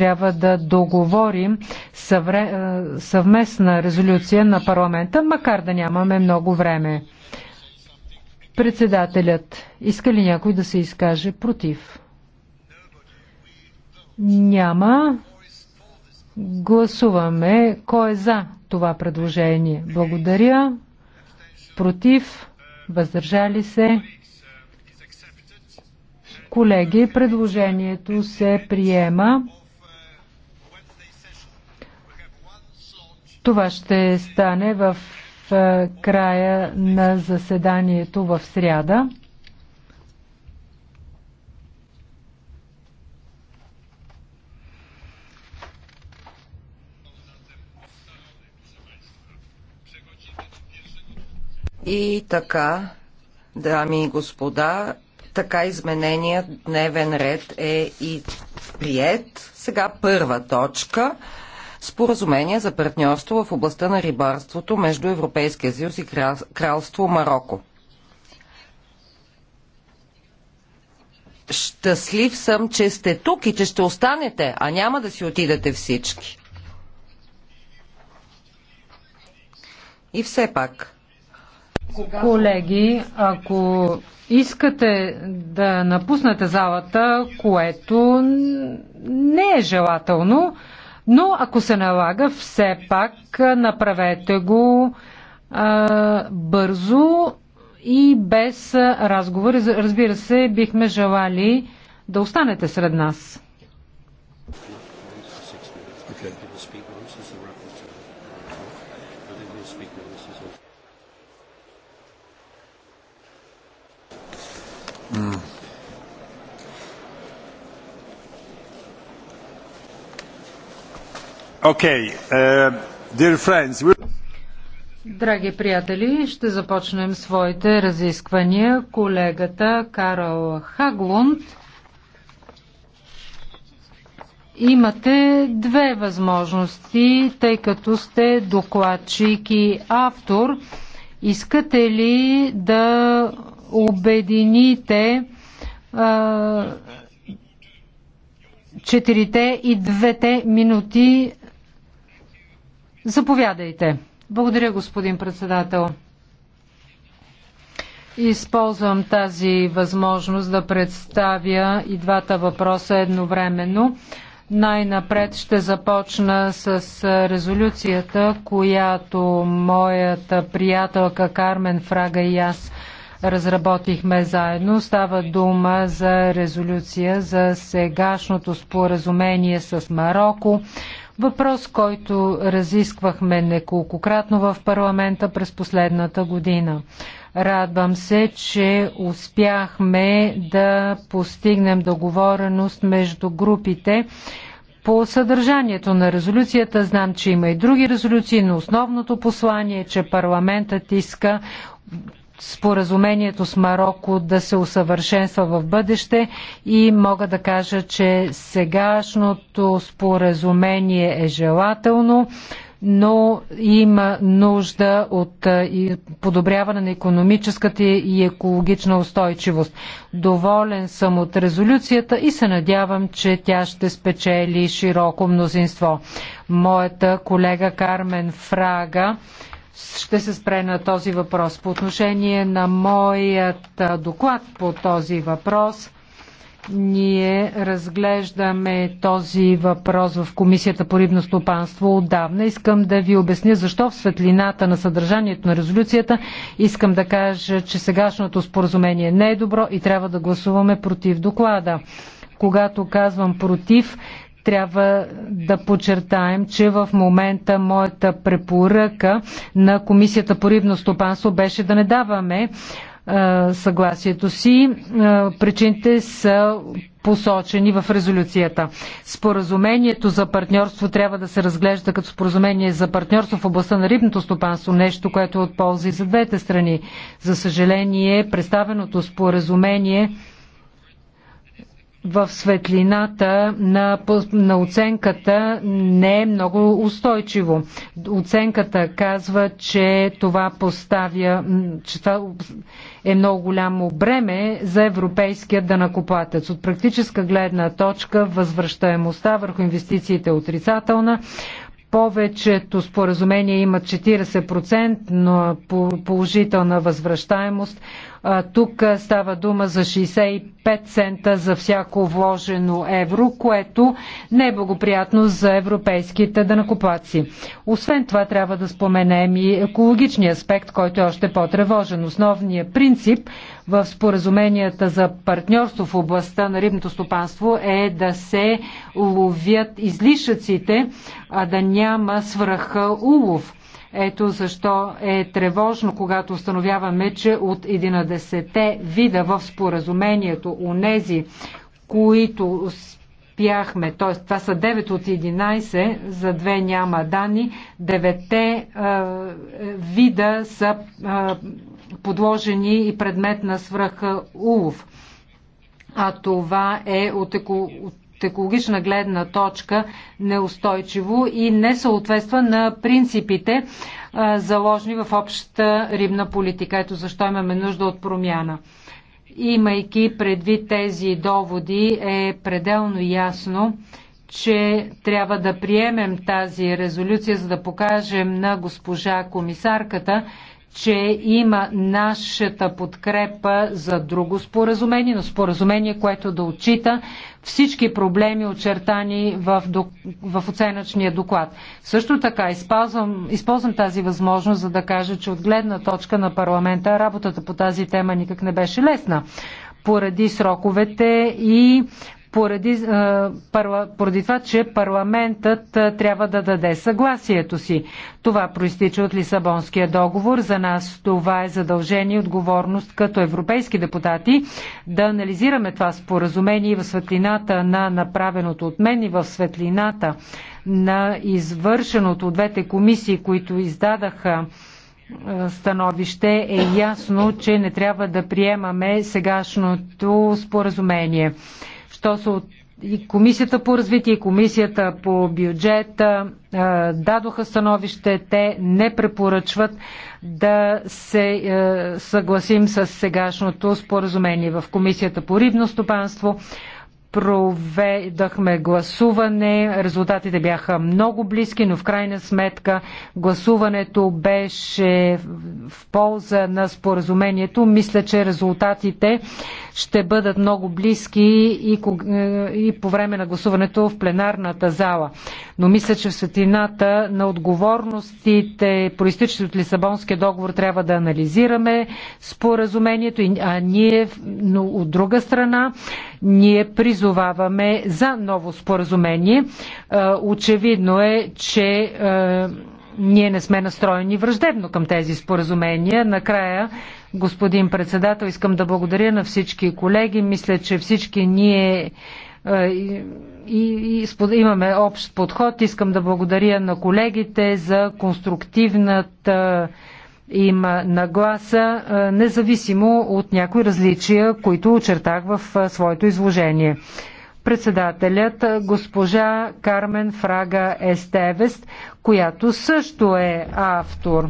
трябва да договорим съвре... съвместна резолюция на парламента, макар да нямаме много време. Председателят, иска ли някой да се изкаже против? Няма. Гласуваме кой е за това предложение. Благодаря. Против. Въздържали се. Колеги, предложението се приема. Това ще стане в е, края на заседанието в сряда. И така, дами и господа, така изменения дневен ред е и прият. Сега първа точка споразумение за партньорство в областта на рибарството между Европейския съюз и Кралство Марокко. Щастлив съм, че сте тук и че ще останете, а няма да си отидете всички. И все пак. Колеги, ако искате да напуснете залата, което не е желателно, но ако се налага, все пак направете го а, бързо и без разговори. Разбира се, бихме желали да останете сред нас. Okay, uh, friends, Драги приятели, ще започнем своите разисквания. Колегата Карл Хаглунд. Имате две възможности, тъй като сте докладчик и автор. Искате ли да обедините четирите и двете минути Заповядайте. Благодаря, господин председател. Използвам тази възможност да представя и двата въпроса едновременно. Най-напред ще започна с резолюцията, която моята приятелка Кармен Фрага и аз разработихме заедно. Става дума за резолюция за сегашното споразумение с Марокко Въпрос, който разисквахме неколкократно в парламента през последната година. Радвам се, че успяхме да постигнем договореност между групите по съдържанието на резолюцията. Знам, че има и други резолюции, но основното послание е, че парламентът иска споразумението с Марокко да се усъвършенства в бъдеще и мога да кажа, че сегашното споразумение е желателно, но има нужда от подобряване на економическата и екологична устойчивост. Доволен съм от резолюцията и се надявам, че тя ще спечели широко мнозинство. Моята колега Кармен Фрага ще се спре на този въпрос. По отношение на моят доклад по този въпрос, ние разглеждаме този въпрос в Комисията по рибно стопанство отдавна. Искам да ви обясня защо в светлината на съдържанието на резолюцията искам да кажа, че сегашното споразумение не е добро и трябва да гласуваме против доклада. Когато казвам против, трябва да подчертаем, че в момента моята препоръка на Комисията по рибно стопанство беше да не даваме е, съгласието си. Е, причините са посочени в резолюцията. Споразумението за партньорство трябва да се разглежда като споразумение за партньорство в областта на рибното стопанство, нещо, което е от полза и за двете страни. За съжаление, представеното споразумение в светлината на, на оценката не е много устойчиво. Оценката казва, че това поставя, че това е много голямо бреме за европейския данакоплатец. От практическа гледна точка възвръщаемостта върху инвестициите е отрицателна. Повечето споразумения имат 40% положителна възвръщаемост тук става дума за 65 цента за всяко вложено евро, което не е благоприятно за европейските данакоплаци. Освен това трябва да споменем и екологичния аспект, който е още по-тревожен. Основният принцип в споразуменията за партньорство в областта на рибното стопанство е да се ловят излишъците, а да няма свръха улов ето защо е тревожно, когато установяваме, че от 11-те вида в споразумението, нези, които успяхме, т.е. това са 9 от 11, за 2 няма данни, 9-те е, вида са а, е, подложени и предмет на свръх улов. А това е от, еко, от екологична гледна точка неустойчиво и не съответства на принципите, заложни в общата рибна политика. Ето защо имаме нужда от промяна. Имайки предвид тези доводи, е пределно ясно, че трябва да приемем тази резолюция, за да покажем на госпожа комисарката, че има нашата подкрепа за друго споразумение, но споразумение, което да отчита всички проблеми, очертани в, в оценъчния доклад. Също така използвам, използвам тази възможност, за да кажа, че от гледна точка на парламента работата по тази тема никак не беше лесна поради сроковете и поради, поради това, че парламентът трябва да даде съгласието си. Това проистича от Лисабонския договор. За нас това е задължение и отговорност като европейски депутати да анализираме това споразумение в светлината на направеното от мен и в светлината на извършеното от двете комисии, които издадаха становище е ясно, че не трябва да приемаме сегашното споразумение що се от и Комисията по развитие, и Комисията по бюджета дадоха становище. Те не препоръчват да се съгласим с сегашното споразумение. В Комисията по рибно стопанство проведахме гласуване. Резултатите бяха много близки, но в крайна сметка гласуването беше в полза на споразумението. Мисля, че резултатите ще бъдат много близки и, е, и по време на гласуването в пленарната зала. Но мисля, че в светлината на отговорностите, проистичащи от Лисабонския договор, трябва да анализираме споразумението, а ние, но от друга страна, ние призоваваме за ново споразумение. Е, очевидно е, че е, ние не сме настроени враждебно към тези споразумения. Накрая Господин председател, искам да благодаря на всички колеги. Мисля, че всички ние е, и, и, и, имаме общ подход. Искам да благодаря на колегите за конструктивната е, им нагласа, е, независимо от някои различия, които очертах в своето изложение. Председателят госпожа Кармен Фрага Естевест, която също е автор.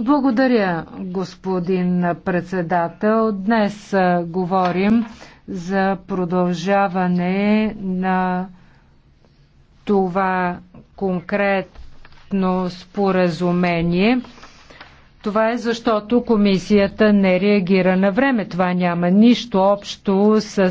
Благодаря, господин председател. Днес говорим за продължаване на това конкретно споразумение. Това е защото комисията не реагира на време. Това няма нищо общо с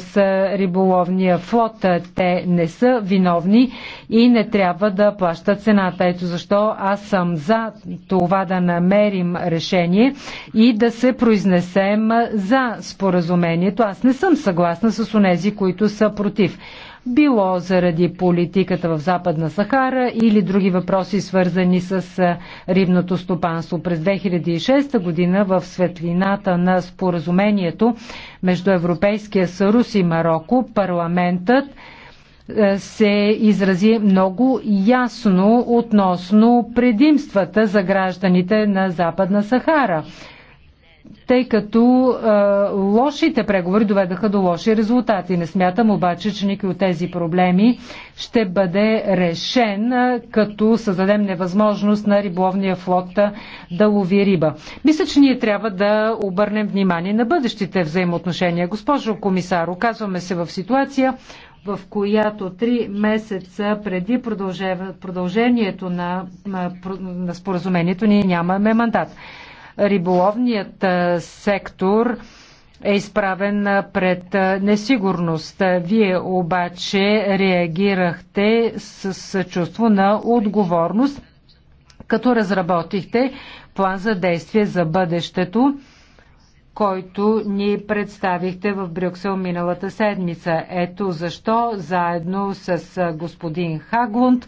риболовния флот. Те не са виновни и не трябва да плащат цената. Ето защо аз съм за това да намерим решение и да се произнесем за споразумението. Аз не съм съгласна с онези, които са против било заради политиката в Западна Сахара или други въпроси, свързани с рибното стопанство. През 2006 година в светлината на споразумението между Европейския съюз и Марокко парламентът се изрази много ясно относно предимствата за гражданите на Западна Сахара тъй като а, лошите преговори доведаха до лоши резултати. Не смятам обаче, че никой от тези проблеми ще бъде решен, а, като създадем невъзможност на риболовния флот да лови риба. Мисля, че ние трябва да обърнем внимание на бъдещите взаимоотношения. Госпожо комисар, оказваме се в ситуация, в която три месеца преди продължението на, на споразумението ние нямаме мандат риболовният сектор е изправен пред несигурност. Вие обаче реагирахте с чувство на отговорност, като разработихте план за действие за бъдещето, който ни представихте в Брюксел миналата седмица. Ето защо заедно с господин Хаглунд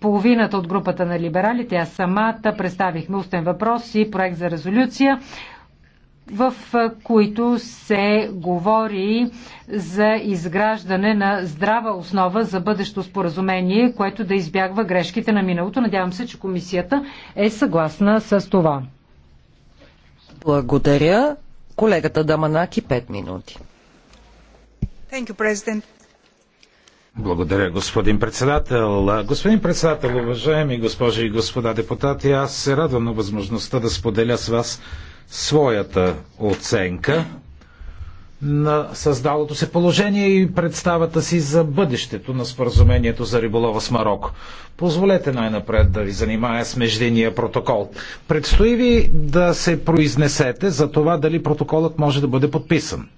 половината от групата на либералите, аз самата представихме устен въпрос и проект за резолюция в които се говори за изграждане на здрава основа за бъдещо споразумение, което да избягва грешките на миналото. Надявам се, че комисията е съгласна с това. Благодаря. Колегата Даманаки, 5 минути. Thank you, President. Благодаря, господин председател. Господин председател, уважаеми госпожи и господа депутати, аз се радвам на възможността да споделя с вас своята оценка на създалото се положение и представата си за бъдещето на споразумението за риболова с Марокко. Позволете най-напред да ви занимая с междения протокол. Предстои ви да се произнесете за това дали протоколът може да бъде подписан.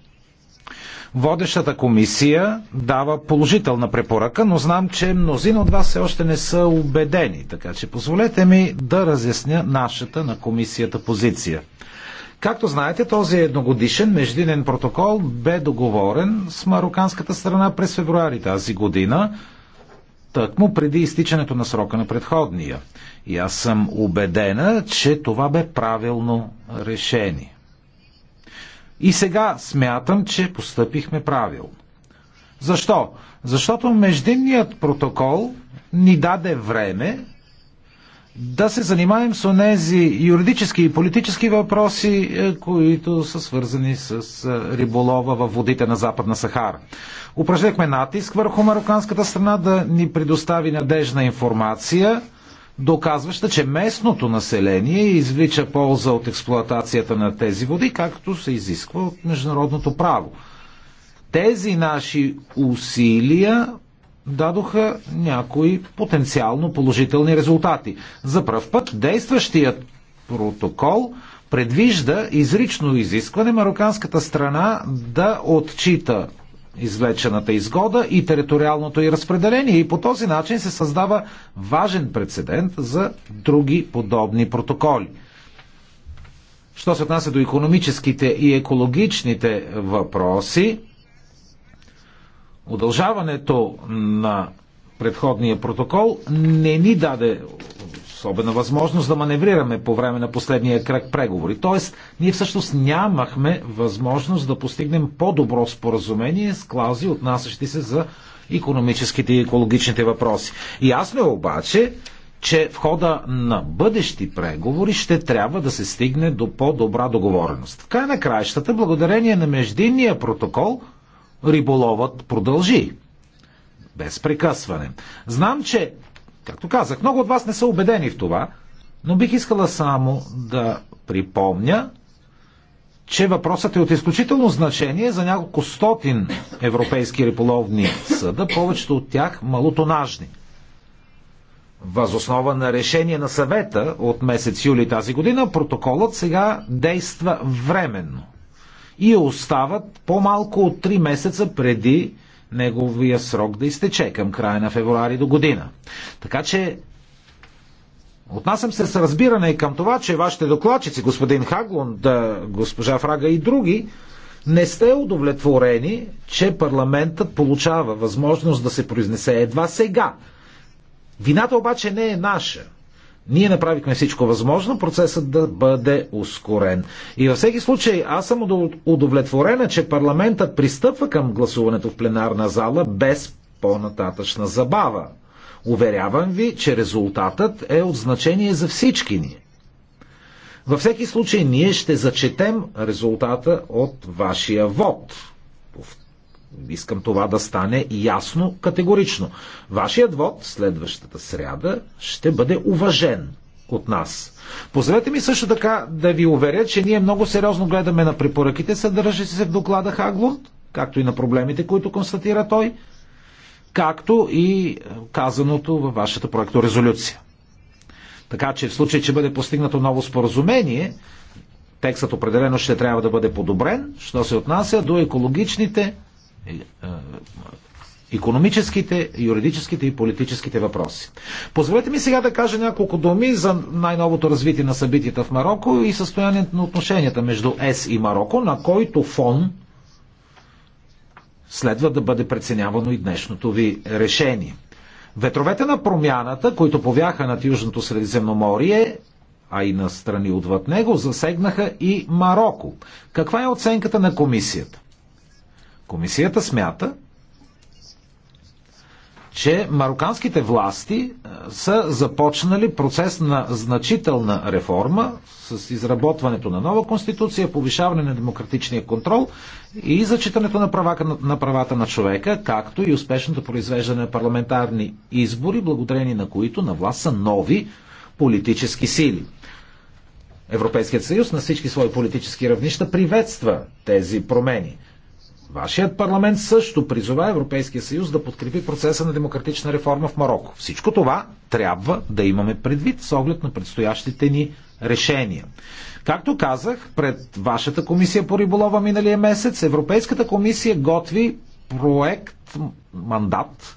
Водещата комисия дава положителна препоръка, но знам, че мнозина от вас все още не са убедени, така че позволете ми да разясня нашата на комисията позиция. Както знаете, този едногодишен междинен протокол бе договорен с мароканската страна през февруари тази година, тъкмо преди изтичането на срока на предходния. И аз съм убедена, че това бе правилно решение. И сега смятам, че постъпихме правилно. Защо? Защото междинният протокол ни даде време да се занимаем с онези юридически и политически въпроси, е, които са свързани с е, риболова във водите на Западна Сахара. Упражнихме натиск върху мароканската страна да ни предостави надежна информация – доказваща, че местното население извлича полза от експлоатацията на тези води, както се изисква от международното право. Тези наши усилия дадоха някои потенциално положителни резултати. За пръв път действащият протокол предвижда изрично изискване мароканската страна да отчита извлечената изгода и териториалното й разпределение. И по този начин се създава важен прецедент за други подобни протоколи. Що се отнася до економическите и екологичните въпроси, удължаването на предходния протокол не ни даде особена възможност да маневрираме по време на последния кръг преговори. Тоест, ние всъщност нямахме възможност да постигнем по-добро споразумение с клаузи, отнасящи се за економическите и екологичните въпроси. И ясно е обаче, че в хода на бъдещи преговори ще трябва да се стигне до по-добра договореност. В край на краищата, благодарение на междинния протокол, риболовът продължи. Без прекъсване. Знам, че Както казах, много от вас не са убедени в това, но бих искала само да припомня, че въпросът е от изключително значение за няколко стотин европейски риболовни съда, повечето от тях малотонажни. Възоснова на решение на съвета от месец юли тази година, протоколът сега действа временно и остават по-малко от 3 месеца преди неговия срок да изтече към края на февруари до година. Така че Отнасям се с разбиране и към това, че вашите докладчици, господин Хаглунд, госпожа Фрага и други, не сте удовлетворени, че парламентът получава възможност да се произнесе едва сега. Вината обаче не е наша. Ние направихме всичко възможно процесът да бъде ускорен. И във всеки случай аз съм удовлетворена, че парламентът пристъпва към гласуването в пленарна зала без по-нататъчна забава. Уверявам ви, че резултатът е от значение за всички ни. Във всеки случай ние ще зачетем резултата от вашия вод. Искам това да стане ясно, категорично. Вашият вод следващата сряда ще бъде уважен от нас. Позволете ми също така да ви уверя, че ние много сериозно гледаме на препоръките, съдържащи се в доклада Хаглунд, както и на проблемите, които констатира той, както и е, казаното във вашата проекторезолюция. Така че в случай, че бъде постигнато ново споразумение, текстът определено ще трябва да бъде подобрен, що се отнася до екологичните економическите, е, юридическите и политическите въпроси. Позволете ми сега да кажа няколко думи за най-новото развитие на събитията в Марокко и състоянието на отношенията между ЕС и Марокко, на който фон следва да бъде преценявано и днешното ви решение. Ветровете на промяната, които повяха над Южното Средиземноморие, а и на страни отвъд него, засегнаха и Марокко. Каква е оценката на комисията? Комисията смята, че мароканските власти е, са започнали процес на значителна реформа с изработването на нова конституция, повишаване на демократичния контрол и зачитането на, права, на правата на човека, както и успешното произвеждане на парламентарни избори, благодарение на които на власт са нови политически сили. Европейският съюз на всички свои политически равнища приветства тези промени – Вашият парламент също призова Европейския съюз да подкрепи процеса на демократична реформа в Марокко. Всичко това трябва да имаме предвид с оглед на предстоящите ни решения. Както казах, пред вашата комисия по риболова миналия месец, Европейската комисия готви проект, мандат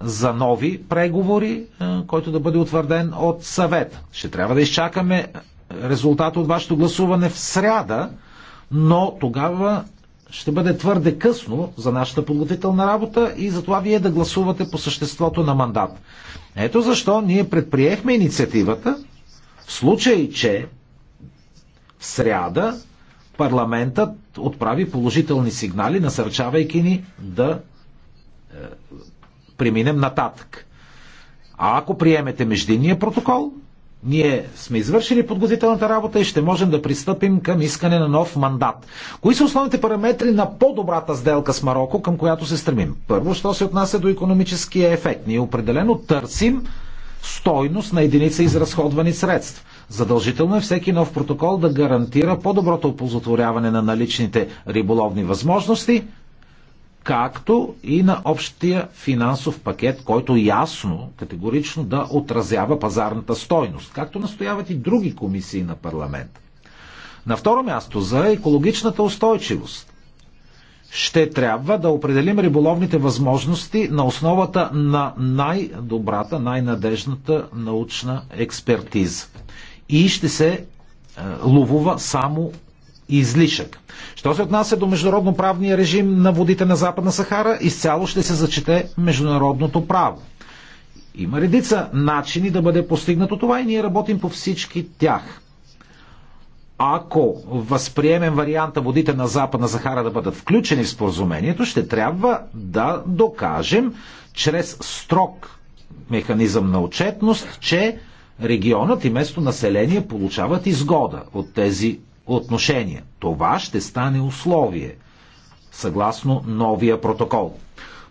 за нови преговори, е, който да бъде утвърден от съвет. Ще трябва да изчакаме резултата от вашето гласуване в сряда, но тогава ще бъде твърде късно за нашата подготвителна работа и за това вие да гласувате по съществото на мандат. Ето защо ние предприехме инициативата в случай, че в сряда парламентът отправи положителни сигнали, насърчавайки ни да е, преминем нататък. А ако приемете междинния протокол, ние сме извършили подготвителната работа и ще можем да пристъпим към искане на нов мандат. Кои са основните параметри на по-добрата сделка с Марокко, към която се стремим? Първо, що се отнася до економическия ефект. Ние определено търсим стойност на единица изразходвани средства. Задължително е всеки нов протокол да гарантира по-доброто оползотворяване на наличните риболовни възможности, както и на общия финансов пакет, който ясно, категорично да отразява пазарната стойност, както настояват и други комисии на парламент. На второ място за екологичната устойчивост. Ще трябва да определим риболовните възможности на основата на най-добрата, най-надежната научна експертиза. И ще се е, ловува само излишък. Що се отнася до международно-правния режим на водите на Западна Сахара, изцяло ще се зачете международното право. Има редица начини да бъде постигнато това и ние работим по всички тях. Ако възприемем варианта водите на Западна Сахара да бъдат включени в споразумението, ще трябва да докажем чрез строг механизъм на отчетност, че регионът и местонаселение население получават изгода от тези отношения. Това ще стане условие, съгласно новия протокол.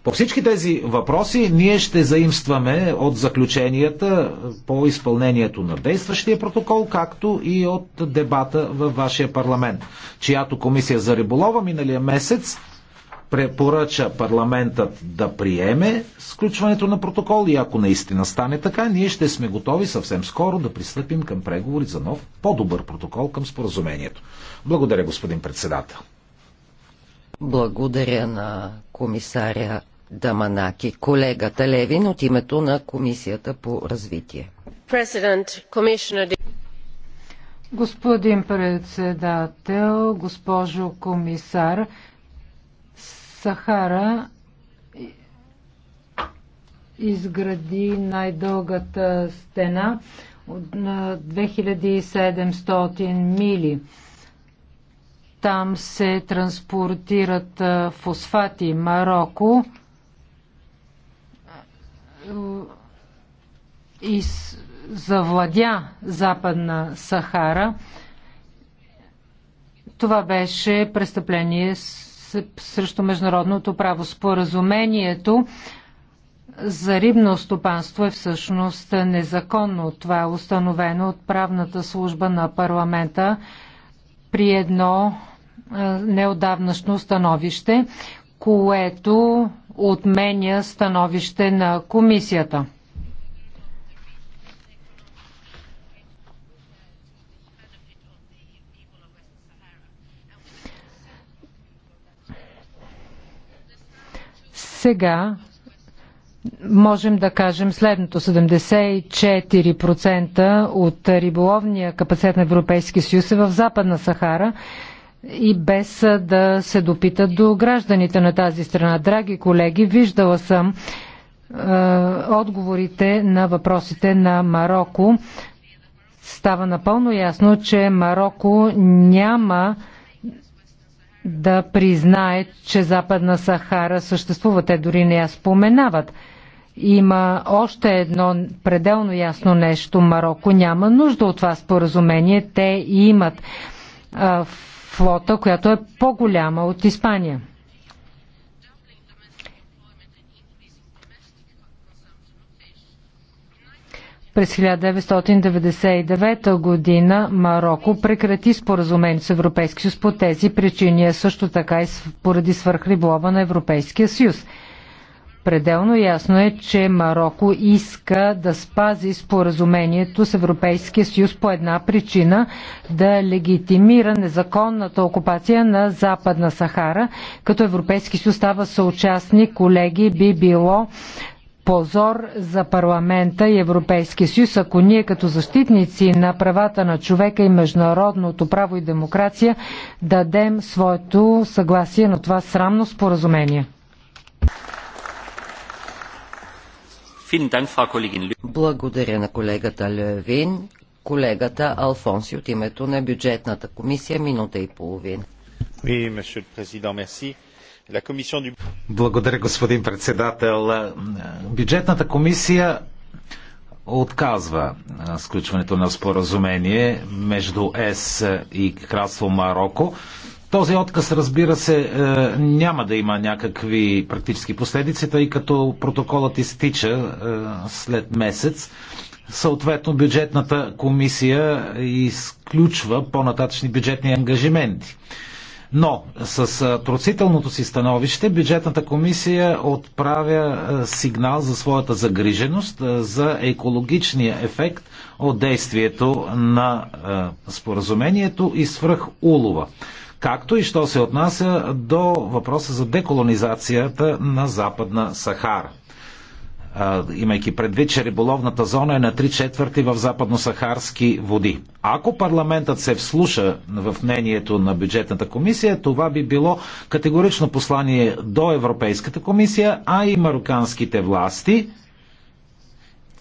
По всички тези въпроси ние ще заимстваме от заключенията по изпълнението на действащия протокол, както и от дебата във вашия парламент, чиято комисия за риболова миналия месец препоръча парламентът да приеме сключването на протокол и ако наистина стане така, ние ще сме готови съвсем скоро да пристъпим към преговори за нов, по-добър протокол към споразумението. Благодаря, господин председател. Благодаря на комисаря Даманаки. Колегата Левин от името на Комисията по развитие. Господин председател, госпожо комисар, Сахара изгради най-дългата стена на 2700 мили. Там се транспортират фосфати. Марокко и завладя Западна Сахара. Това беше престъпление с срещу международното право. Споразумението за рибно стопанство е всъщност незаконно. Това е установено от правната служба на парламента при едно е, неодавнашно становище, което отменя становище на комисията. Сега можем да кажем следното. 74% от риболовния капацитет на Европейския съюз е в Западна Сахара и без да се допитат до гражданите на тази страна. Драги колеги, виждала съм е, отговорите на въпросите на Марокко. Става напълно ясно, че Марокко няма да признае, че Западна Сахара съществува. Те дори не я споменават. Има още едно пределно ясно нещо. Марокко няма нужда от това споразумение. Те имат а, флота, която е по-голяма от Испания. През 1999 година Марокко прекрати споразумението с Европейския съюз по тези причини, а също така и поради свърхриболова на Европейския съюз. Пределно ясно е, че Марокко иска да спази споразумението с Европейския съюз по една причина да легитимира незаконната окупация на Западна Сахара, като Европейски съюз става съучастник, колеги, би било позор за парламента и Европейския съюз, ако ние като защитници на правата на човека и международното право и демокрация дадем своето съгласие на това срамно споразумение. Благодаря на колегата Левин. Колегата Алфонси от името на бюджетната комисия минута и половина. Oui, благодаря, господин председател. Бюджетната комисия отказва сключването на споразумение между ЕС и Кралство Марокко. Този отказ, разбира се, е, няма да има някакви практически последици, тъй като протоколът изтича е, след месец. Съответно, бюджетната комисия изключва по-нататъчни бюджетни ангажименти. Но с тросителното си становище бюджетната комисия отправя сигнал за своята загриженост за екологичния ефект от действието на споразумението и свръх улова. Както и що се отнася до въпроса за деколонизацията на Западна Сахара имайки предвид, че риболовната зона е на три четвърти в западно-сахарски води. Ако парламентът се вслуша в мнението на бюджетната комисия, това би било категорично послание до Европейската комисия, а и мароканските власти,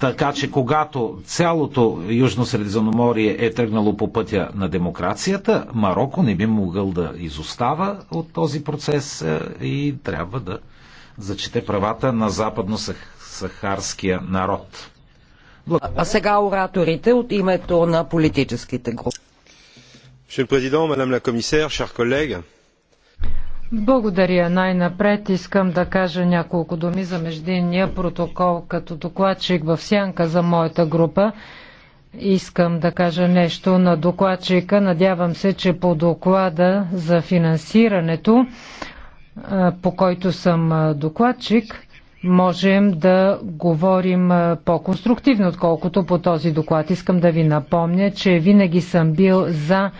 така че когато цялото Южно Средиземноморие е тръгнало по пътя на демокрацията, Марокко не би могъл да изостава от този процес е, и трябва да зачете правата на западно-сахарски сахарския народ. Благодаря. А сега ораторите от името на политическите групи. Monsieur le Président, Madame la Commissaire, chers collègues. Благодаря. Най-напред искам да кажа няколко думи за междинния протокол като докладчик в сянка за моята група. Искам да кажа нещо на докладчика. Надявам се, че по доклада за финансирането, по който съм докладчик, можем да говорим по-конструктивно, отколкото по този доклад. Искам да ви напомня, че винаги съм бил за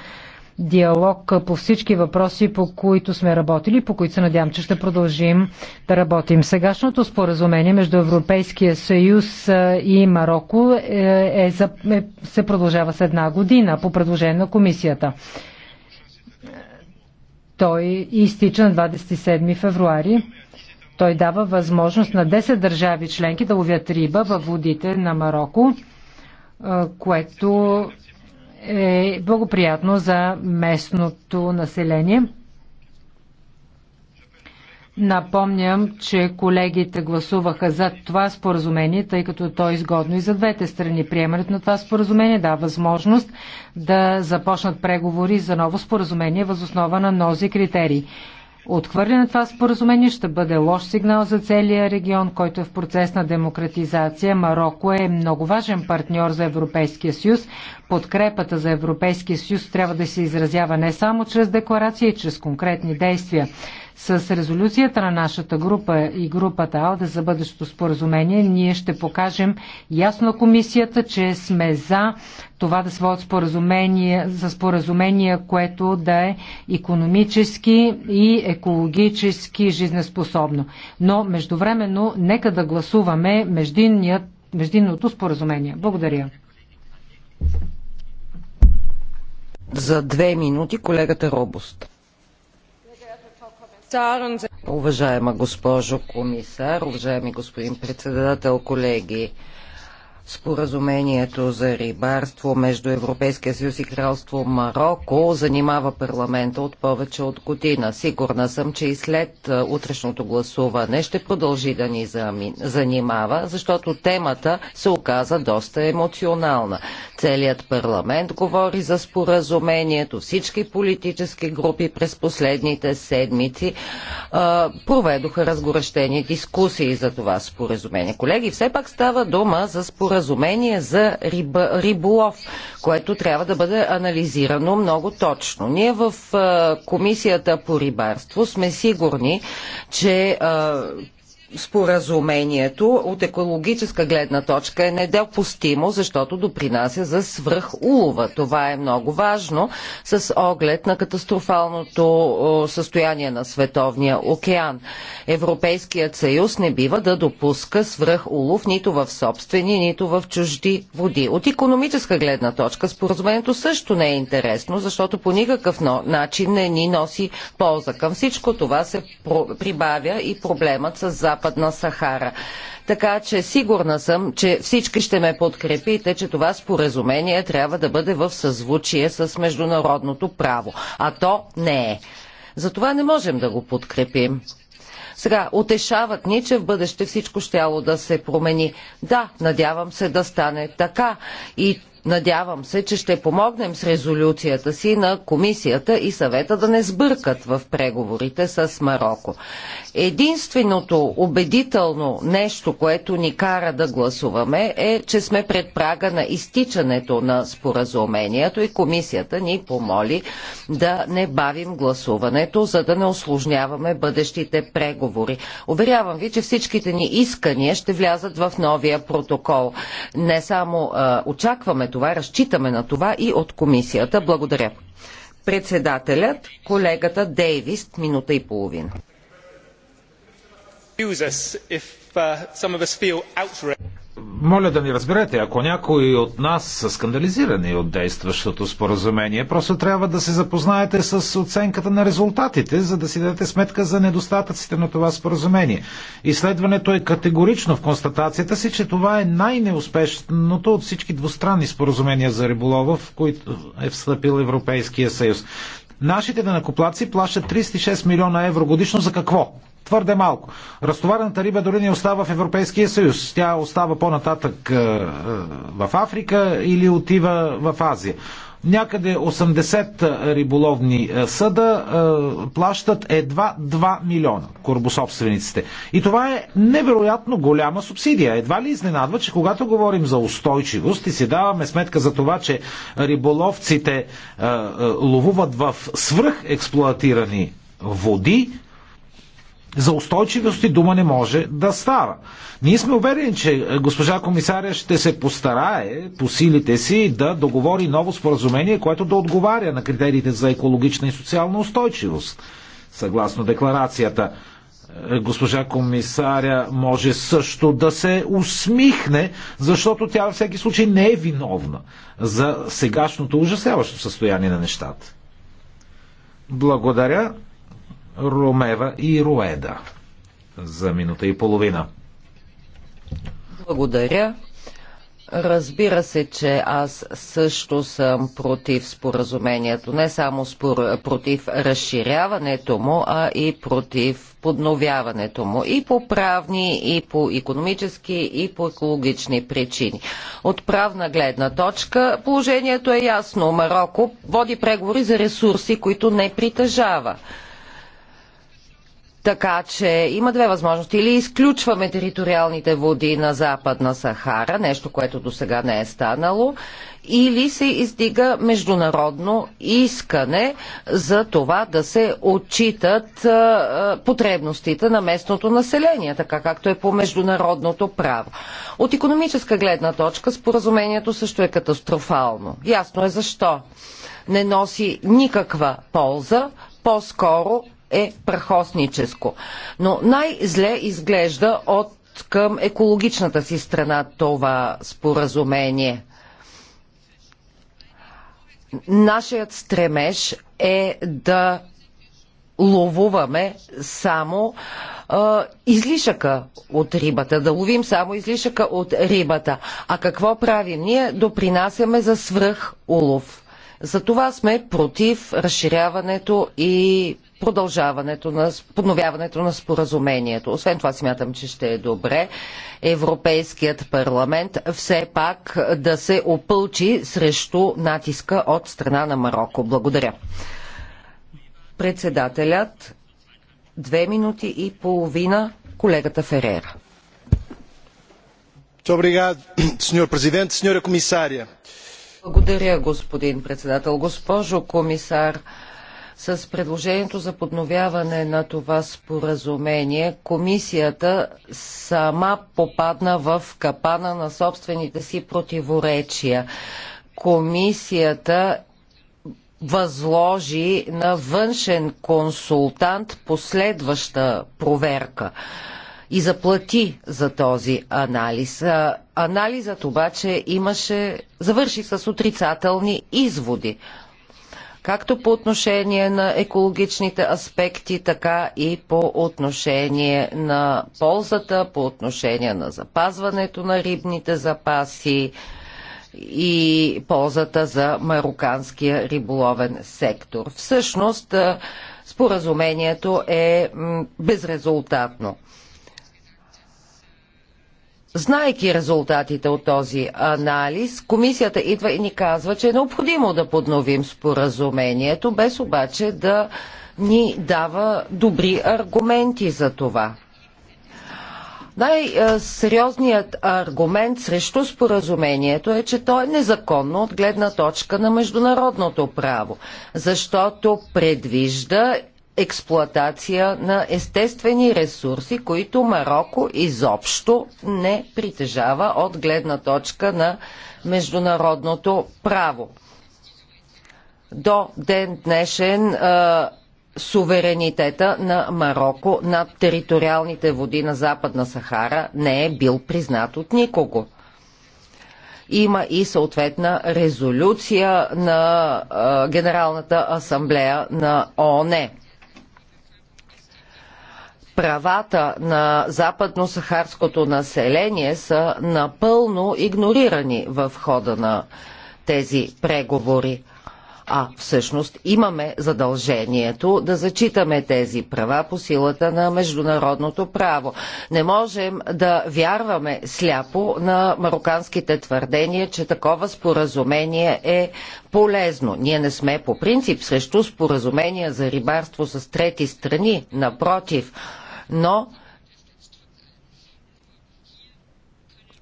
диалог по всички въпроси, по които сме работили, по които се надявам, че ще продължим да работим. Сегашното споразумение между Европейския съюз и Марокко е, е, е, се продължава с една година по предложение на комисията. Той изтича на 27 февруари. Той дава възможност на 10 държави членки да ловят риба във водите на Марокко, което е благоприятно за местното население. Напомням, че колегите гласуваха за това споразумение, тъй като то е изгодно и за двете страни. Приемането на това споразумение дава възможност да започнат преговори за ново споразумение възоснова на нози критерии отхвърляне това споразумение ще бъде лош сигнал за целия регион, който е в процес на демократизация. Марокко е много важен партньор за Европейския съюз. Подкрепата за Европейския съюз трябва да се изразява не само чрез декларации, а и чрез конкретни действия. С резолюцията на нашата група и групата АЛДЕ за бъдещото споразумение ние ще покажем ясно на комисията, че сме за това да се споразумение, за споразумение, което да е економически и екологически жизнеспособно. Но междувременно нека да гласуваме междинното споразумение. Благодаря. За две минути колегата Робост. Уважаема госпожо комисар, уважаеми господин председател, колеги, Споразумението за рибарство между Европейския съюз и кралство Марокко занимава парламента от повече от година. Сигурна съм, че и след утрешното гласуване ще продължи да ни занимава, защото темата се оказа доста емоционална. Целият парламент говори за споразумението, всички политически групи през последните седмици а, проведоха разгорещени дискусии за това споразумение. Колеги, все пак става дума за споразумението споразумение за риба, риболов, което трябва да бъде анализирано много точно. Ние в Комисията по рибарство сме сигурни, че споразумението от екологическа гледна точка е недопустимо, защото допринася за свръхулова. Това е много важно с оглед на катастрофалното състояние на Световния океан. Европейският съюз не бива да допуска свръхулов нито в собствени, нито в чужди води. От економическа гледна точка споразумението също не е интересно, защото по никакъв начин не ни носи полза. Към всичко това се прибавя и проблемът с запад Западна Сахара. Така че сигурна съм, че всички ще ме подкрепите, че това споразумение трябва да бъде в съзвучие с международното право. А то не е. Затова не можем да го подкрепим. Сега, утешават ни, че в бъдеще всичко щяло да се промени. Да, надявам се да стане така. И Надявам се, че ще помогнем с резолюцията си на комисията и съвета да не сбъркат в преговорите с Марокко. Единственото убедително нещо, което ни кара да гласуваме е, че сме пред прага на изтичането на споразумението и комисията ни помоли да не бавим гласуването, за да не осложняваме бъдещите преговори. Уверявам ви, че всичките ни искания ще влязат в новия протокол. Не само е, очакваме това, разчитаме на това и от комисията. Благодаря. Председателят, колегата Дейвист, минута и половина. Моля да ни разберете, ако някои от нас са скандализирани от действащото споразумение, просто трябва да се запознаете с оценката на резултатите, за да си дадете сметка за недостатъците на това споразумение. Изследването е категорично в констатацията си, че това е най-неуспешното от всички двустранни споразумения за риболова, в които е встъпил Европейския съюз. Нашите денакоплаци плащат 36 милиона евро годишно за какво? твърде малко. Разтоварената риба дори не остава в Европейския съюз. Тя остава по-нататък е, е, в Африка или отива в Азия. Някъде 80 е, риболовни съда плащат едва 2 милиона корбособствениците. И това е невероятно голяма субсидия. Едва ли изненадва, че когато говорим за устойчивост и си даваме сметка за това, че риболовците ловуват в свръхексплуатирани води, за устойчивост и дума не може да става. Ние сме уверени, че е, госпожа комисаря ще се постарае по силите си да договори ново споразумение, което да отговаря на критериите за екологична и социална устойчивост, съгласно декларацията. Е, госпожа комисаря може също да се усмихне, защото тя във всеки случай не е виновна за сегашното ужасяващо състояние на нещата. Благодаря. Ромева и Руеда за минута и половина. Благодаря. Разбира се, че аз също съм против споразумението. Не само спор... против разширяването му, а и против подновяването му. И по правни, и по економически, и по екологични причини. От правна гледна точка положението е ясно. Марокко води преговори за ресурси, които не притежава. Така че има две възможности. Или изключваме териториалните води на Западна Сахара, нещо, което до сега не е станало, или се издига международно искане за това да се отчитат потребностите на местното население, така както е по международното право. От економическа гледна точка споразумението също е катастрофално. Ясно е защо. Не носи никаква полза, по-скоро е прахосническо. Но най-зле изглежда от към екологичната си страна това споразумение. Нашият стремеж е да ловуваме само а, излишъка от рибата, да ловим само излишъка от рибата. А какво правим? Ние допринасяме за свръх улов. Затова сме против разширяването и продължаването на подновяването на споразумението. Освен това смятам, че ще е добре Европейският парламент все пак да се опълчи срещу натиска от страна на Марокко. Благодаря. Председателят две минути и половина колегата Ферера. Благодаря, господин председател. Госпожо комисар, с предложението за подновяване на това споразумение, комисията сама попадна в капана на собствените си противоречия. Комисията възложи на външен консултант последваща проверка и заплати за този анализ. Анализът обаче имаше, завърши с отрицателни изводи както по отношение на екологичните аспекти, така и по отношение на ползата, по отношение на запазването на рибните запаси и ползата за мароканския риболовен сектор. Всъщност, споразумението е безрезултатно. Знайки резултатите от този анализ, комисията идва и ни казва, че е необходимо да подновим споразумението, без обаче да ни дава добри аргументи за това. Най-сериозният аргумент срещу споразумението е, че то е незаконно от гледна точка на международното право, защото предвижда експлоатация на естествени ресурси, които Марокко изобщо не притежава от гледна точка на международното право. До ден днешен суверенитета на Марокко над териториалните води на Западна Сахара не е бил признат от никого. Има и съответна резолюция на Генералната асамблея на ООН правата на западно-сахарското население са напълно игнорирани в хода на тези преговори. А всъщност имаме задължението да зачитаме тези права по силата на международното право. Не можем да вярваме сляпо на мароканските твърдения, че такова споразумение е полезно. Ние не сме по принцип срещу споразумения за рибарство с трети страни. Напротив, но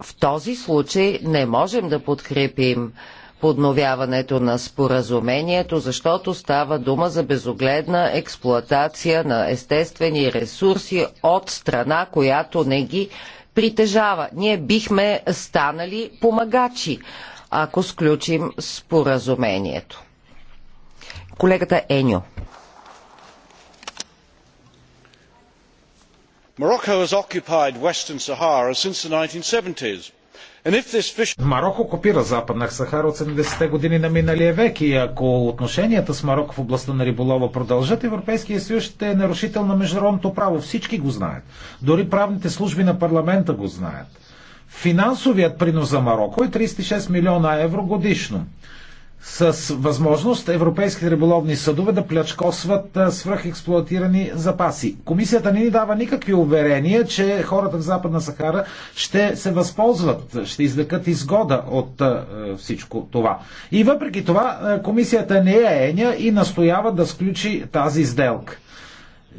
в този случай не можем да подкрепим подновяването на споразумението, защото става дума за безогледна експлоатация на естествени ресурси от страна, която не ги притежава. Ние бихме станали помагачи, ако сключим споразумението. Колегата Еньо. Марокко копира Западна Сахара от 70-те години на миналия век и ако отношенията с Марокко в областта на риболова продължат, Европейския съюз ще е нарушител на международното право. Всички го знаят. Дори правните служби на парламента го знаят. Финансовият принос за Марокко е 36 милиона евро годишно с възможност европейските риболовни съдове да плячкосват свръхексплуатирани запаси. Комисията не ни дава никакви уверения, че хората в Западна Сахара ще се възползват, ще извлекат изгода от всичко това. И въпреки това, комисията не е еня и настоява да сключи тази сделка.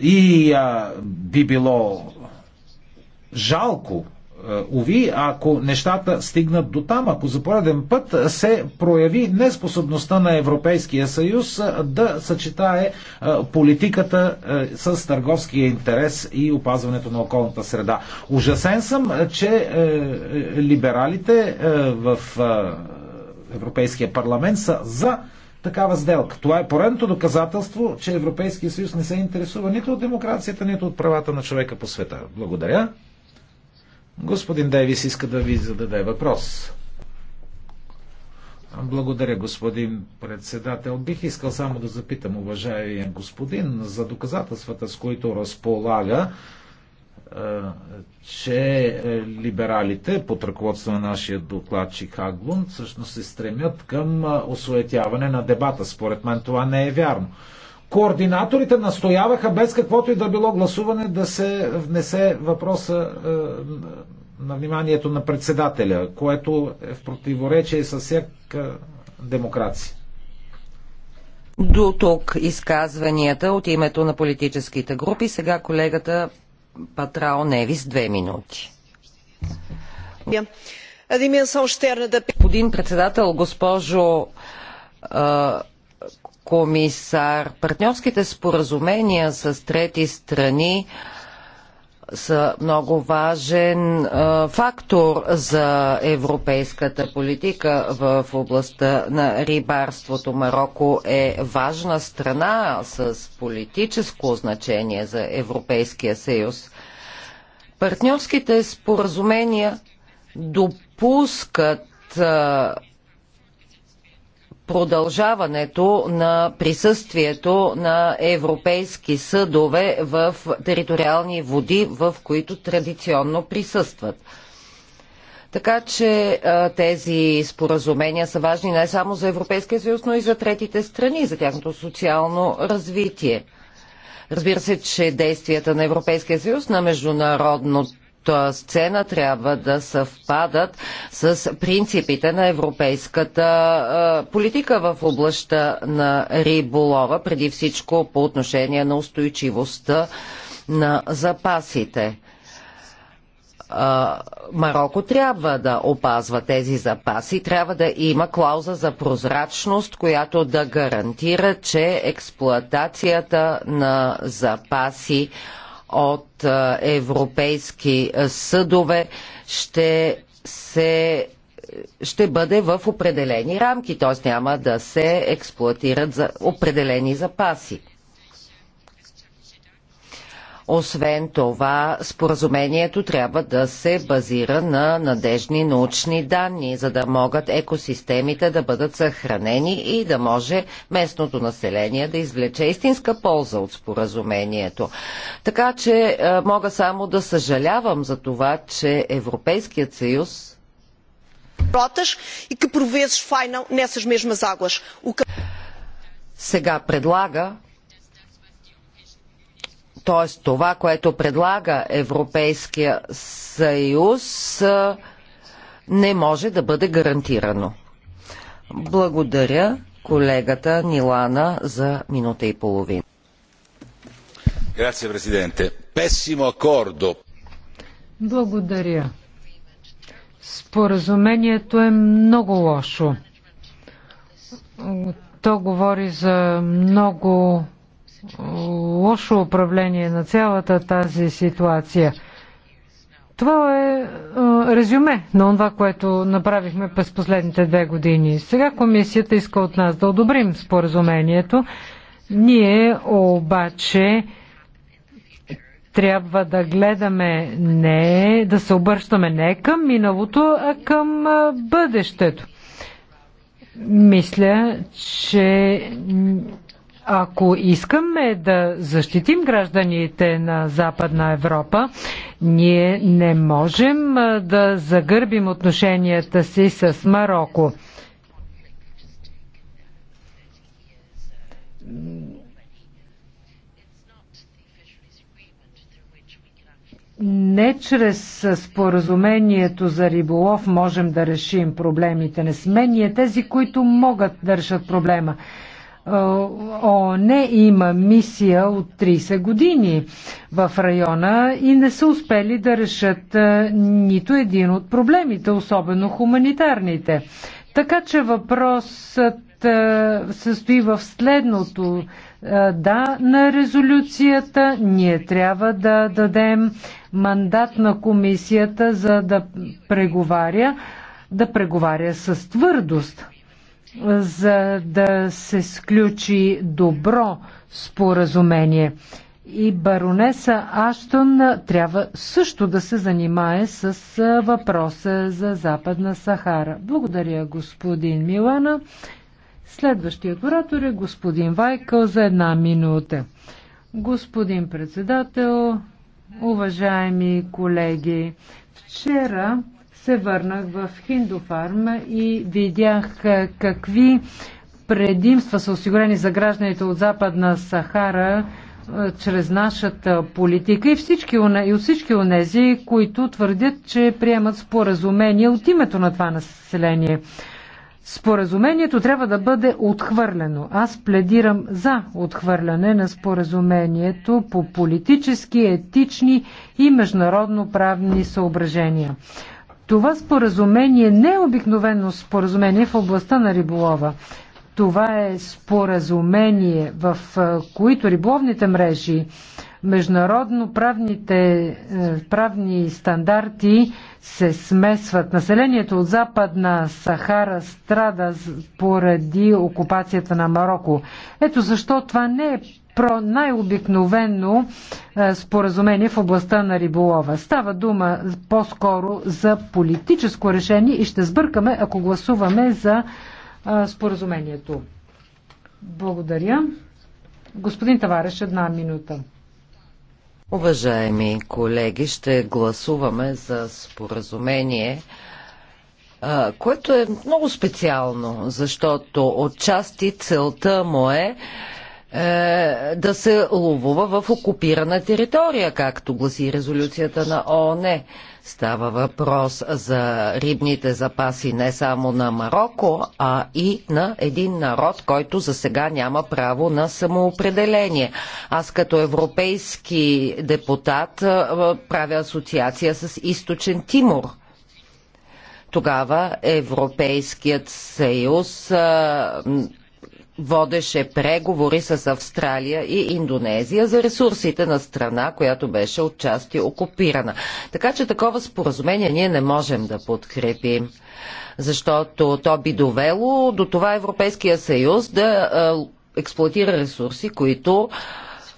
И а, би било жалко Ови, е, ако нещата стигнат до там, ако за пореден път се прояви неспособността на Европейския съюз е, да съчетае е, политиката с търговския интерес и опазването на околната среда. Ужасен съм, че либералите в Европейския парламент са за такава сделка. Това е поредното доказателство, че Европейския съюз не се интересува нито от демокрацията, нито от правата на човека по света. Благодаря. Господин Дейвис иска да ви зададе въпрос. Благодаря, господин председател. Бих искал само да запитам, уважаемия господин, за доказателствата, с които разполага, е, че либералите под ръководство на нашия докладчик Хаглунд всъщност се стремят към е, осуетяване на дебата. Според мен това не е вярно координаторите настояваха без каквото и да било гласуване да се внесе въпроса е, на вниманието на председателя, което е в противоречие с всяка демокрация. До тук изказванията от името на политическите групи. Сега колегата Патрао Невис, две минути. Господин председател, госпожо е, комисар. Партньорските споразумения с трети страни са много важен фактор за европейската политика в областта на рибарството. Марокко е важна страна с политическо значение за Европейския съюз. Партньорските споразумения допускат продължаването на присъствието на европейски съдове в териториални води, в които традиционно присъстват. Така че тези споразумения са важни не само за Европейския съюз, но и за третите страни, за тяхното социално развитие. Разбира се, че действията на Европейския съюз на международно сцена трябва да съвпадат с принципите на европейската политика в областта на риболова, преди всичко по отношение на устойчивостта на запасите. Марокко трябва да опазва тези запаси, трябва да има клауза за прозрачност, която да гарантира, че експлоатацията на запаси от е, европейски е, съдове ще се ще бъде в определени рамки, т.е. няма да се експлуатират за определени запаси. Освен това, споразумението трябва да се базира на надежни научни данни, за да могат екосистемите да бъдат съхранени и да може местното население да извлече истинска полза от споразумението. Така че мога само да съжалявам за това, че Европейският съюз и Сега предлага т.е. това, което предлага Европейския съюз, не може да бъде гарантирано. Благодаря колегата Нилана за минута и половина. Благодаря. Споразумението е много лошо. То говори за много лошо управление на цялата тази ситуация. Това е, е резюме на това, което направихме през последните две години. Сега комисията иска от нас да одобрим споразумението. Ние обаче трябва да гледаме не, да се обръщаме не към миналото, а към е, бъдещето. Мисля, че ако искаме да защитим гражданите на Западна Европа, ние не можем да загърбим отношенията си с Марокко. не чрез споразумението за риболов можем да решим проблемите. Не сме ние тези, които могат да решат проблема. Е, ООН има мисия от 30 години в района и не са успели да решат е, нито един от проблемите, особено хуманитарните. Така че въпросът е, състои в следното. Да, на резолюцията ние трябва да дадем мандат на комисията за да преговаря, да преговаря с твърдост за да се сключи добро споразумение. И баронеса Аштон трябва също да се занимае с въпроса за Западна Сахара. Благодаря, господин Милана. Следващият оратор е господин Вайкъл за една минута. Господин председател, уважаеми колеги, вчера се върнах в Хиндофарм и видях какви предимства са осигурени за гражданите от Западна Сахара чрез нашата политика и, всички, и от всички тези, които твърдят, че приемат споразумение от името на това население. Споразумението трябва да бъде отхвърлено. Аз пледирам за отхвърляне на споразумението по политически, етични и международно правни съображения. Това споразумение не е обикновено споразумение в областта на риболова. Това е споразумение, в които риболовните мрежи, международно правните е, правни стандарти се смесват. Населението от Западна Сахара страда поради окупацията на Марокко. Ето защо това не е про най-обикновено е, споразумение в областта на риболова. Става дума по-скоро за политическо решение и ще сбъркаме, ако гласуваме за е, споразумението. Благодаря. Господин Тавареш, една минута. Уважаеми колеги, ще гласуваме за споразумение е, което е много специално, защото отчасти целта му е е, да се ловува в окупирана територия, както гласи резолюцията на ООН. Става въпрос за рибните запаси не само на Марокко, а и на един народ, който за сега няма право на самоопределение. Аз като европейски депутат е, правя асоциация с източен Тимур тогава Европейският съюз е, водеше преговори с Австралия и Индонезия за ресурсите на страна, която беше отчасти окупирана. Така че такова споразумение ние не можем да подкрепим, защото то би довело до това Европейския съюз да експлуатира ресурси, които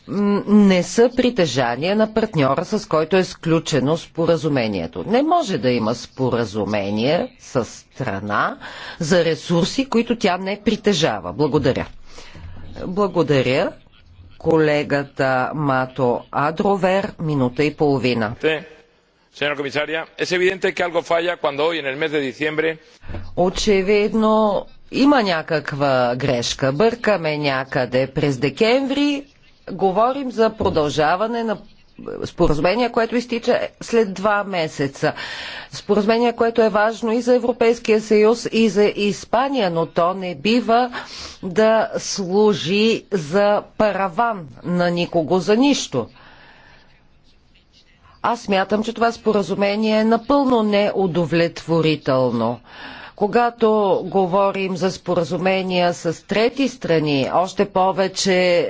не са притежание на партньора, с който е сключено споразумението. Не може да има споразумение с страна за ресурси, които тя не притежава. Благодаря. Благодаря колегата Мато Адровер, минута и половина. Очевидно има някаква грешка. Бъркаме някъде през декември, говорим за продължаване на споразумение, което изтича след два месеца. Споразумение, което е важно и за Европейския съюз, и за Испания, но то не бива да служи за параван на никого за нищо. Аз мятам, че това споразумение е напълно неудовлетворително. Когато говорим за споразумения с трети страни, още повече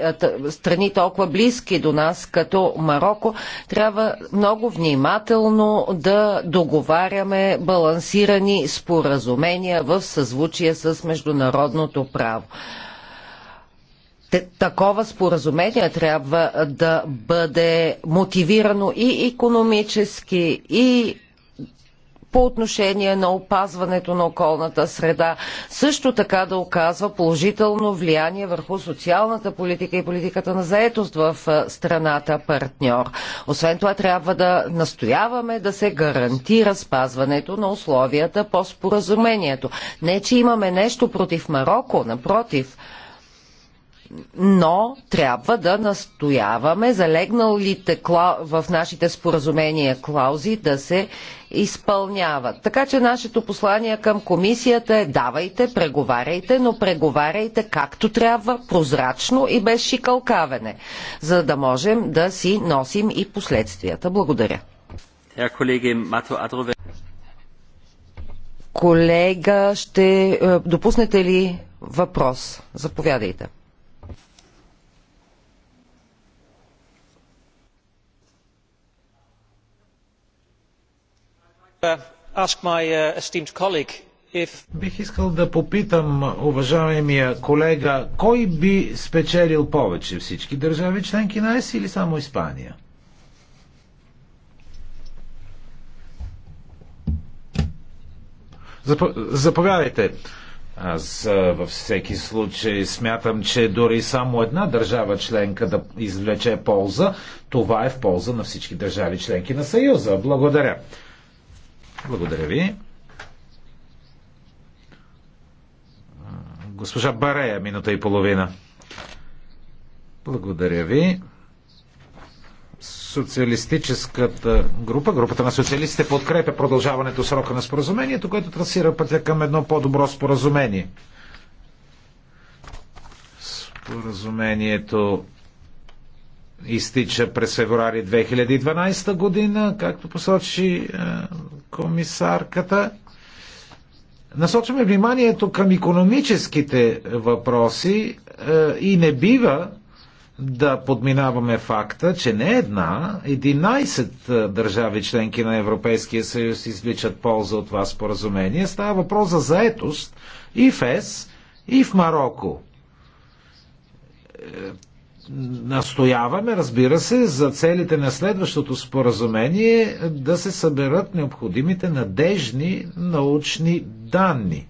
страни толкова близки до нас, като Марокко, трябва много внимателно да договаряме балансирани споразумения в съзвучие с международното право такова споразумение трябва да бъде мотивирано и економически, и по отношение на опазването на околната среда, също така да оказва положително влияние върху социалната политика и политиката на заетост в страната партньор. Освен това трябва да настояваме да се гарантира спазването на условията по споразумението. Не, че имаме нещо против Марокко, напротив, но трябва да настояваме залегналите в нашите споразумения клаузи да се изпълняват. Така че нашето послание към комисията е давайте, преговаряйте, но преговаряйте както трябва, прозрачно и без шикалкавене, за да можем да си носим и последствията. Благодаря. Колега, ще е, допуснете ли въпрос? Заповядайте. Uh, uh, Бих искал да попитам уважаемия колега, кой би спечелил повече всички държави членки на ЕС или само Испания? Заповядайте. Аз във всеки случай смятам, че дори само една държава членка да извлече полза, това е в полза на всички държави членки на Съюза. Благодаря. Благодаря ви. Госпожа Барея, минута и половина. Благодаря ви. Социалистическата група, групата на социалистите подкрепя продължаването срока на споразумението, което трасира пътя към едно по-добро споразумение. Споразумението изтича през феврари 2012 година, както посочи е, комисарката. Насочваме вниманието към економическите въпроси е, и не бива да подминаваме факта, че не една, 11 е, държави членки на Европейския съюз извличат полза от това споразумение. Става въпрос за заетост и в ЕС, и в Марокко е, настояваме, разбира се, за целите на следващото споразумение да се съберат необходимите надежни научни данни.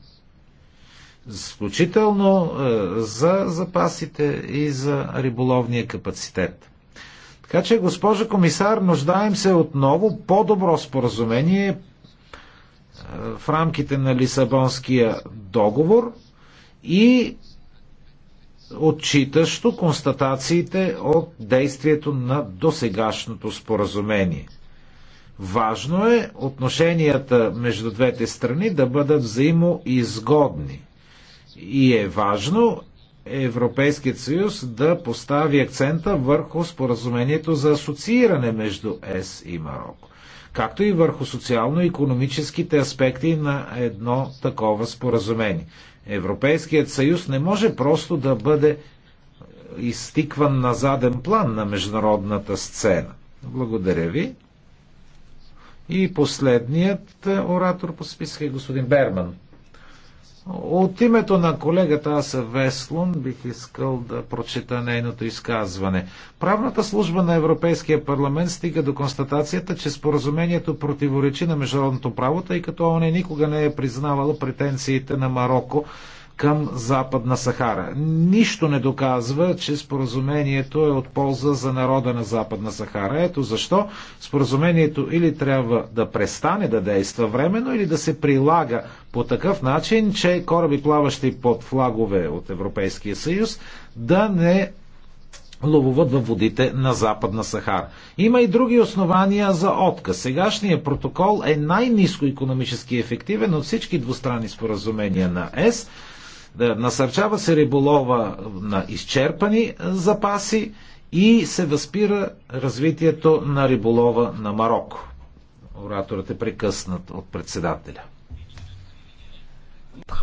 Включително е, за запасите и за риболовния капацитет. Така че, госпожа комисар, нуждаем се отново по-добро споразумение е, в рамките на Лисабонския договор и отчитащо констатациите от действието на досегашното споразумение. Важно е отношенията между двете страни да бъдат взаимоизгодни. И е важно Европейският съюз да постави акцента върху споразумението за асоцииране между ЕС и Марокко, както и върху социално-економическите аспекти на едно такова споразумение. Европейският съюз не може просто да бъде изтикван на заден план на международната сцена. Благодаря ви. И последният е, оратор по списка е господин Берман. От името на колегата Аса Веслун бих искал да прочета нейното изказване. Правната служба на Европейския парламент стига до констатацията, че споразумението противоречи на международното право, тъй като ОНЕ никога не е признавала претенциите на Марокко към Западна Сахара. Нищо не доказва, че споразумението е от полза за народа на Западна Сахара. Ето защо споразумението или трябва да престане да действа временно, или да се прилага по такъв начин, че кораби плаващи под флагове от Европейския съюз да не ловуват във водите на Западна Сахара. Има и други основания за отказ. Сегашният протокол е най-низко економически ефективен от всички двустранни споразумения на ЕС, е, насърчава се риболова на изчерпани запаси и се възпира развитието на риболова на Марокко. Ораторът е прекъснат от председателя.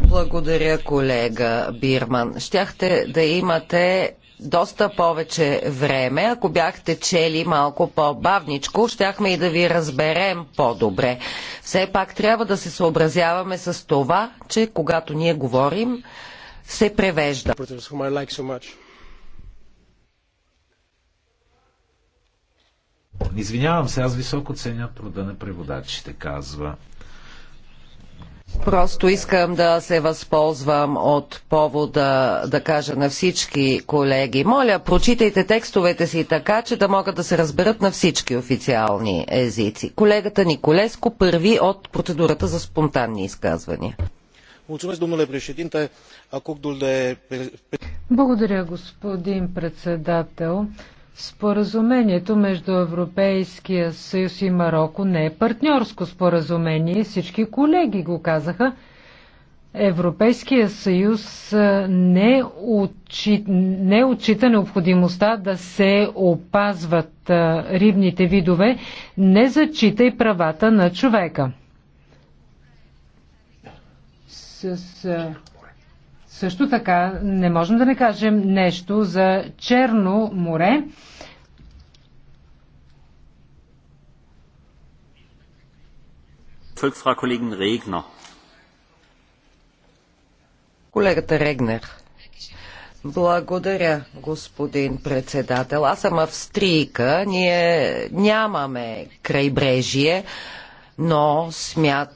Благодаря, колега Бирман. Щяхте да имате доста повече време. Ако бяхте чели малко по-бавничко, щяхме и да ви разберем по-добре. Все пак трябва да се съобразяваме с това, че когато ние говорим, се превежда. Извинявам се, аз високо ценя труда на преводачите, казва Просто искам да се възползвам от повода да кажа на всички колеги. Моля, прочитайте текстовете си така, че да могат да се разберат на всички официални езици. Колегата Николеско първи от процедурата за спонтанни изказвания. Благодаря, господин председател. Споразумението между Европейския съюз и Марокко не е партньорско споразумение. Всички колеги го казаха. Европейския съюз не, отчи, не отчита необходимостта да се опазват рибните видове, не зачита и правата на човека. С също така не можем да не кажем нещо за Черно море. Колегата Регнер. Благодаря, господин председател. Аз съм австрийка. Ние нямаме крайбрежие, но, смят...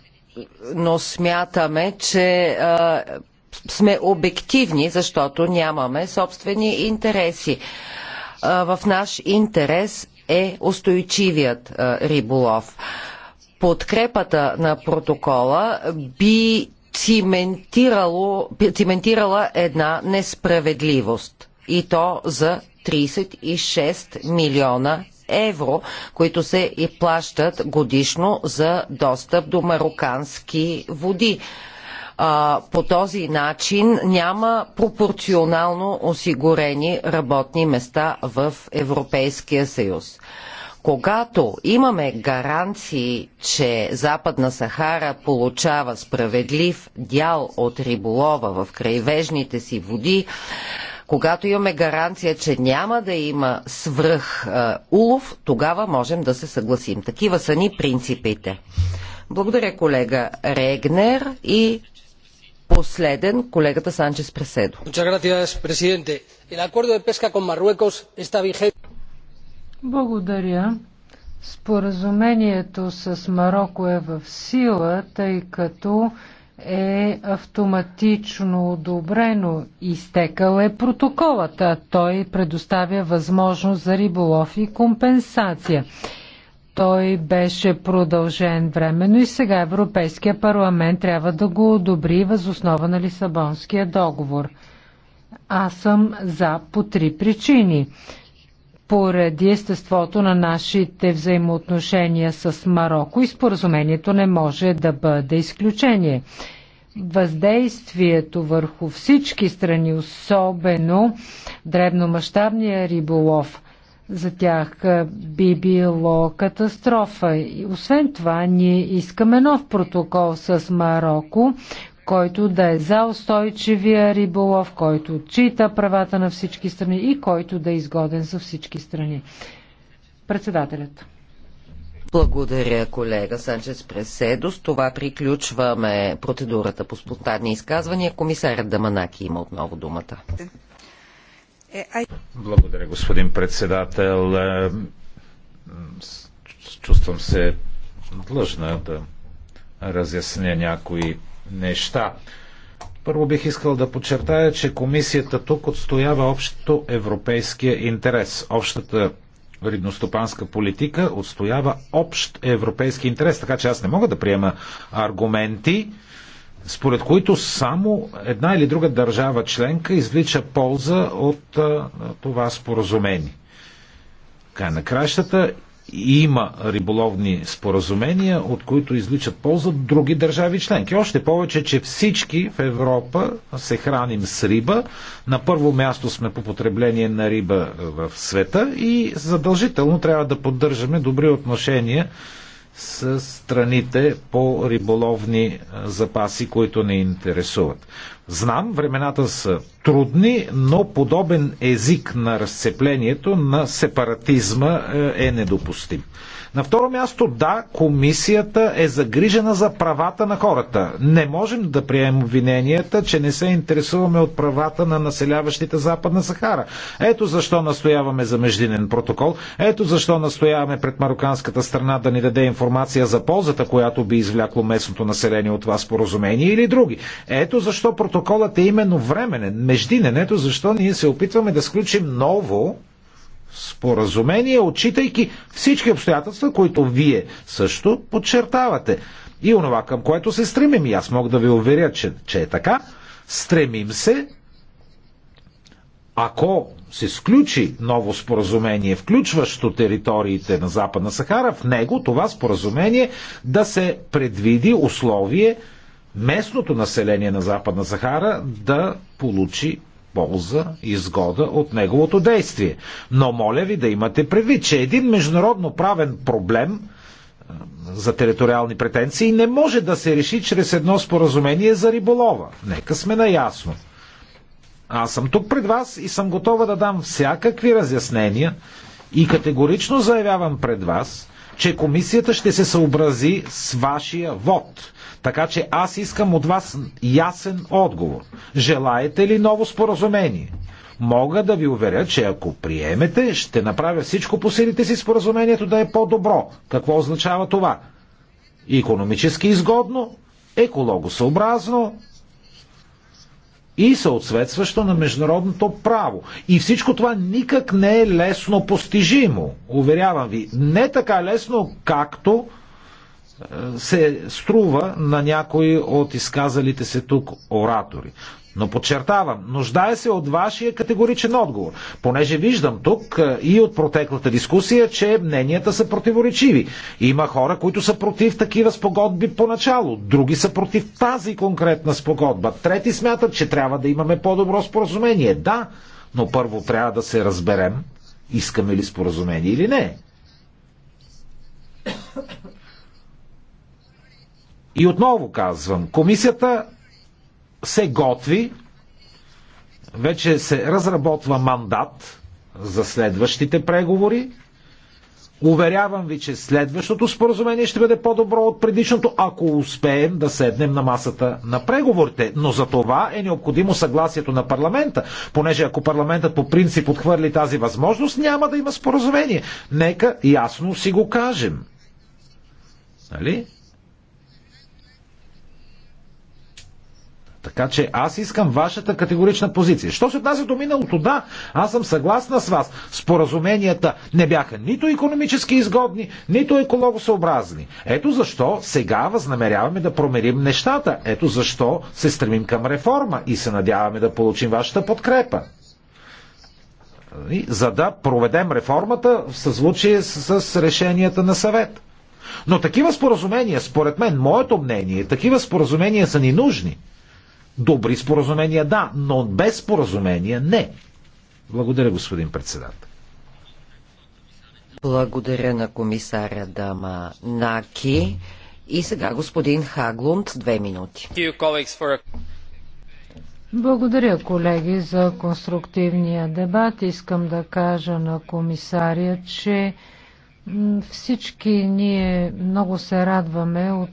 но смятаме, че а, сме обективни, защото нямаме собствени интереси. В наш интерес е устойчивият риболов. Подкрепата на протокола би циментирала една несправедливост. И то за 36 милиона евро, които се и плащат годишно за достъп до марокански води а, по този начин няма пропорционално осигурени работни места в Европейския съюз. Когато имаме гаранции, че Западна Сахара получава справедлив дял от риболова в крайвежните си води, когато имаме гаранция, че няма да има свръх е, улов, тогава можем да се съгласим. Такива са ни принципите. Благодаря, колега Регнер. И Последен колегата Санчес Преседо. Благодаря. Споразумението с Марокко е в сила, тъй като е автоматично одобрено. Изтекал е протоколът, а той предоставя възможност за риболов и компенсация. Той беше продължен временно и сега Европейския парламент трябва да го одобри възоснова на Лисабонския договор. Аз съм за по три причини. Поради естеството на нашите взаимоотношения с Марокко и споразумението не може да бъде изключение. Въздействието върху всички страни, особено дребномащабния риболов, за тях би било катастрофа. И освен това, ние искаме нов протокол с Марокко, който да е за устойчивия риболов, който отчита правата на всички страни и който да е изгоден за всички страни. Председателят. Благодаря, колега Санчес Преседо. С това приключваме процедурата по спонтанни изказвания. Комисарят Даманаки има отново думата. Благодаря, господин председател. Е, чувствам се длъжна да разясня някои неща. Първо бих искал да подчертая, че комисията тук отстоява общото европейския интерес. Общата рибностопанска политика отстоява общ европейски интерес, така че аз не мога да приема аргументи, според които само една или друга държава членка извлича полза от а, това споразумение. Край на кращата има риболовни споразумения, от които изличат полза други държави членки. Още повече, че всички в Европа се храним с риба. На първо място сме по потребление на риба в света и задължително трябва да поддържаме добри отношения с страните по риболовни запаси, които ни интересуват. Знам, времената са трудни, но подобен език на разцеплението, на сепаратизма е, е недопустим. На второ място, да, комисията е загрижена за правата на хората. Не можем да приемем обвиненията, че не се интересуваме от правата на населяващите Западна Сахара. Ето защо настояваме за междинен протокол. Ето защо настояваме пред мароканската страна да ни даде информация за ползата, която би извлякло местното население от това споразумение или други. Ето защо протоколът е именно временен, междиненето, защо ние се опитваме да сключим ново споразумение, отчитайки всички обстоятелства, които вие също подчертавате. И онова, към което се стремим, и аз мога да ви уверя, че, че е така, стремим се, ако се сключи ново споразумение, включващо териториите на Западна Сахара, в него това споразумение да се предвиди условие местното население на Западна Сахара да получи полза, и изгода от неговото действие. Но моля ви да имате предвид, че един международно правен проблем за териториални претенции не може да се реши чрез едно споразумение за риболова. Нека сме наясно. Аз съм тук пред вас и съм готова да дам всякакви разяснения и категорично заявявам пред вас, че комисията ще се съобрази с вашия вод. Така че аз искам от вас ясен отговор. Желаете ли ново споразумение? Мога да ви уверя, че ако приемете, ще направя всичко по силите си споразумението да е по-добро. Какво означава това? Економически изгодно, екологосъобразно, и съответстващо на международното право. И всичко това никак не е лесно постижимо, уверявам ви. Не така лесно, както е, се струва на някои от изказалите се тук оратори. Но подчертавам, нуждае се от вашия категоричен отговор, понеже виждам тук е, и от протеклата дискусия, че мненията са противоречиви. Има хора, които са против такива спогодби поначало, други са против тази конкретна спогодба, трети смятат, че трябва да имаме по-добро споразумение. Да, но първо трябва да се разберем, искаме ли споразумение или не. И отново казвам, комисията се готви, вече се разработва мандат за следващите преговори. Уверявам ви, че следващото споразумение ще бъде по-добро от предишното, ако успеем да седнем на масата на преговорите. Но за това е необходимо съгласието на парламента, понеже ако парламентът по принцип отхвърли тази възможност, няма да има споразумение. Нека ясно си го кажем. Нали? Така че аз искам вашата категорична позиция. Що се отнася до миналото? Да, аз съм съгласна с вас. Споразуменията не бяха нито економически изгодни, нито екологосъобразни. Ето защо сега възнамеряваме да промерим нещата. Ето защо се стремим към реформа и се надяваме да получим вашата подкрепа. За да проведем реформата в съзвучие с, решенията на съвет. Но такива споразумения, според мен, моето мнение, такива споразумения са ни нужни. Добри споразумения да, но без споразумения не. Благодаря, господин председател. Благодаря на комисаря Дама Наки. И сега господин Хаглунд, две минути. Благодаря, колеги, за конструктивния дебат. Искам да кажа на комисаря, че всички ние много се радваме от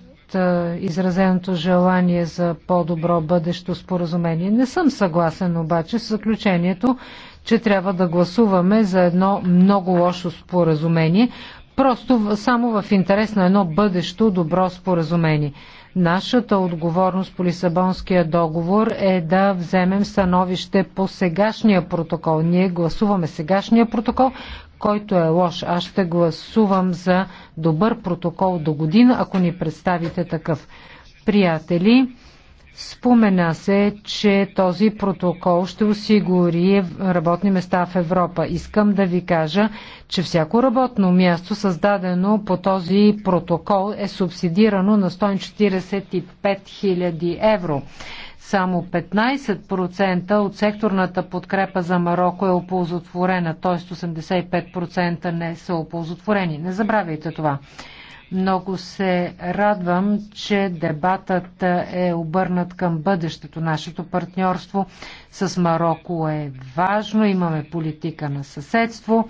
изразеното желание за по-добро бъдещо споразумение. Не съм съгласен обаче с заключението, че трябва да гласуваме за едно много лошо споразумение, просто само в интерес на едно бъдещо добро споразумение. Нашата отговорност по Лисабонския договор е да вземем становище по сегашния протокол. Ние гласуваме сегашния протокол, който е лош. Аз ще гласувам за добър протокол до година, ако ни представите такъв. Приятели, Спомена се, че този протокол ще осигури работни места в Европа. Искам да ви кажа, че всяко работно място, създадено по този протокол, е субсидирано на 145 000 евро. Само 15% от секторната подкрепа за Марокко е оползотворена, т.е. 85% не са оползотворени. Не забравяйте това. Много се радвам, че дебатът е обърнат към бъдещето. Нашето партньорство с Марокко е важно. Имаме политика на съседство.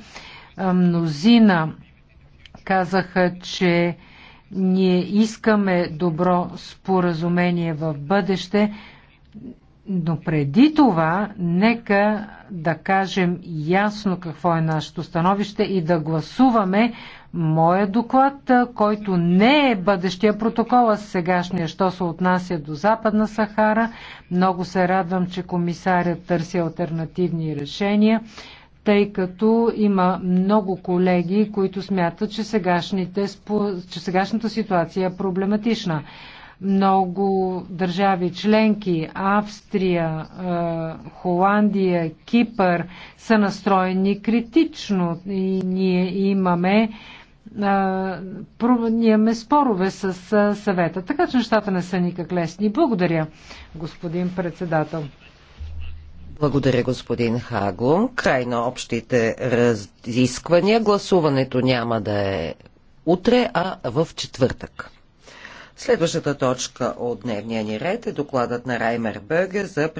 Мнозина казаха, че ние искаме добро споразумение в бъдеще, но преди това, нека да кажем ясно какво е нашето становище и да гласуваме моя доклад, който не е бъдещия протокол, а сегашния, що се отнася до Западна Сахара. Много се радвам, че комисарят търси альтернативни решения, тъй като има много колеги, които смятат, че, че сегашната ситуация е проблематична. Много държави членки, Австрия, е, Холандия, Кипър са настроени критично и ние имаме е, имаме спорове с е, съвета. Така че нещата не са никак лесни. Благодаря, господин председател. Благодаря, господин Хаглун. Край на общите разисквания. Гласуването няма да е утре, а в четвъртък. Следващата точка от дневния ни ред е докладът на Раймер Бърге за